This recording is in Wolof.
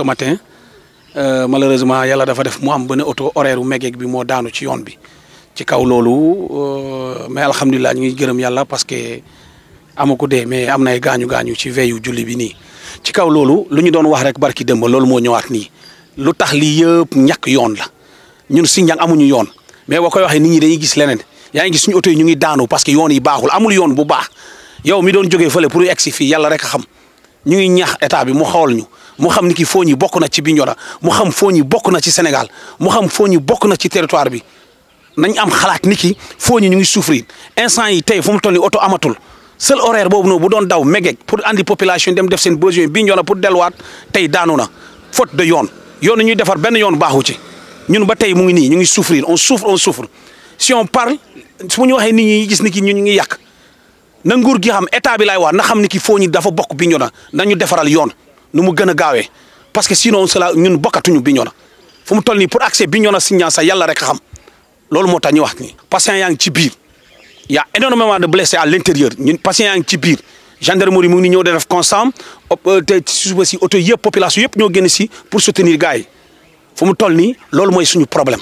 ce matin euh, malheureusement yàlla dafa def mu am ba benn auto horaire mégeeg bi moo daanu ci yoon bi ci kaw loolu euh, mais alhamdulilah ñu ngi gërëm yàlla parce que amu ko dee mais am na ay gaañu gaañu ci veyu julli bi nii. ci kaw loolu lu ñu doon wax rek barki démb loolu moo ñëwaat nii lu tax lii yëpp ñàkk yoon la ñun Sindian amuñu yoon mais boo koy waxee ñi dañuy gis leneen yaa ngi gis suñu oto yi ñu ngi daanu parce que yoon yi baaxul amul yoon bu baax yow mi doon jógee pour egg si fii yàlla rek a xam. ñu ngi ñax état bi mu xool ñu mu xam ni ki foo ñi bokk na ci Bignona mu xam foo ñi bokk na ci Sénégal mu xam foo ñi bokk na ci teritoire bi nañ am xalaat ni ki foo ñi ñu ngi souffrir instant yi tey fu mu toll nii oto amatul seul horaire boobu noonu bu doon daw mégeeg pour andi population dem def seen besoin Bignona pour delluwaat tey daanu na faute de yoon yoon ñuy defar benn yoon baaxu ci ñun ba tey mu ngi nii ñu ngi souffrir on souffre on souffre si on parle su ñu waxee nit ñi gis ni ki ñun ñu ngi yàq na nguur gi xam état bi laay wax na xam ni ki foo ñi dafa bokk Bignona nañu defaral yoon nu mu gën a gaawee parce que sinon cela ñun bokkatuñu Bignona fu mu toll nii pour accès Bignona Signan sax yàlla rek xam loolu moo tax ñu wax ni patient yaa ngi ci biir y' a énormément de blessés à ñun patient ngi ci biir gendarmerie mu ngi ñëw de def constat euh, te ci suba si oto yëpp population yëpp ñoo génn si pour soutenir gars yi fu mu toll nii loolu mooy suñu problème.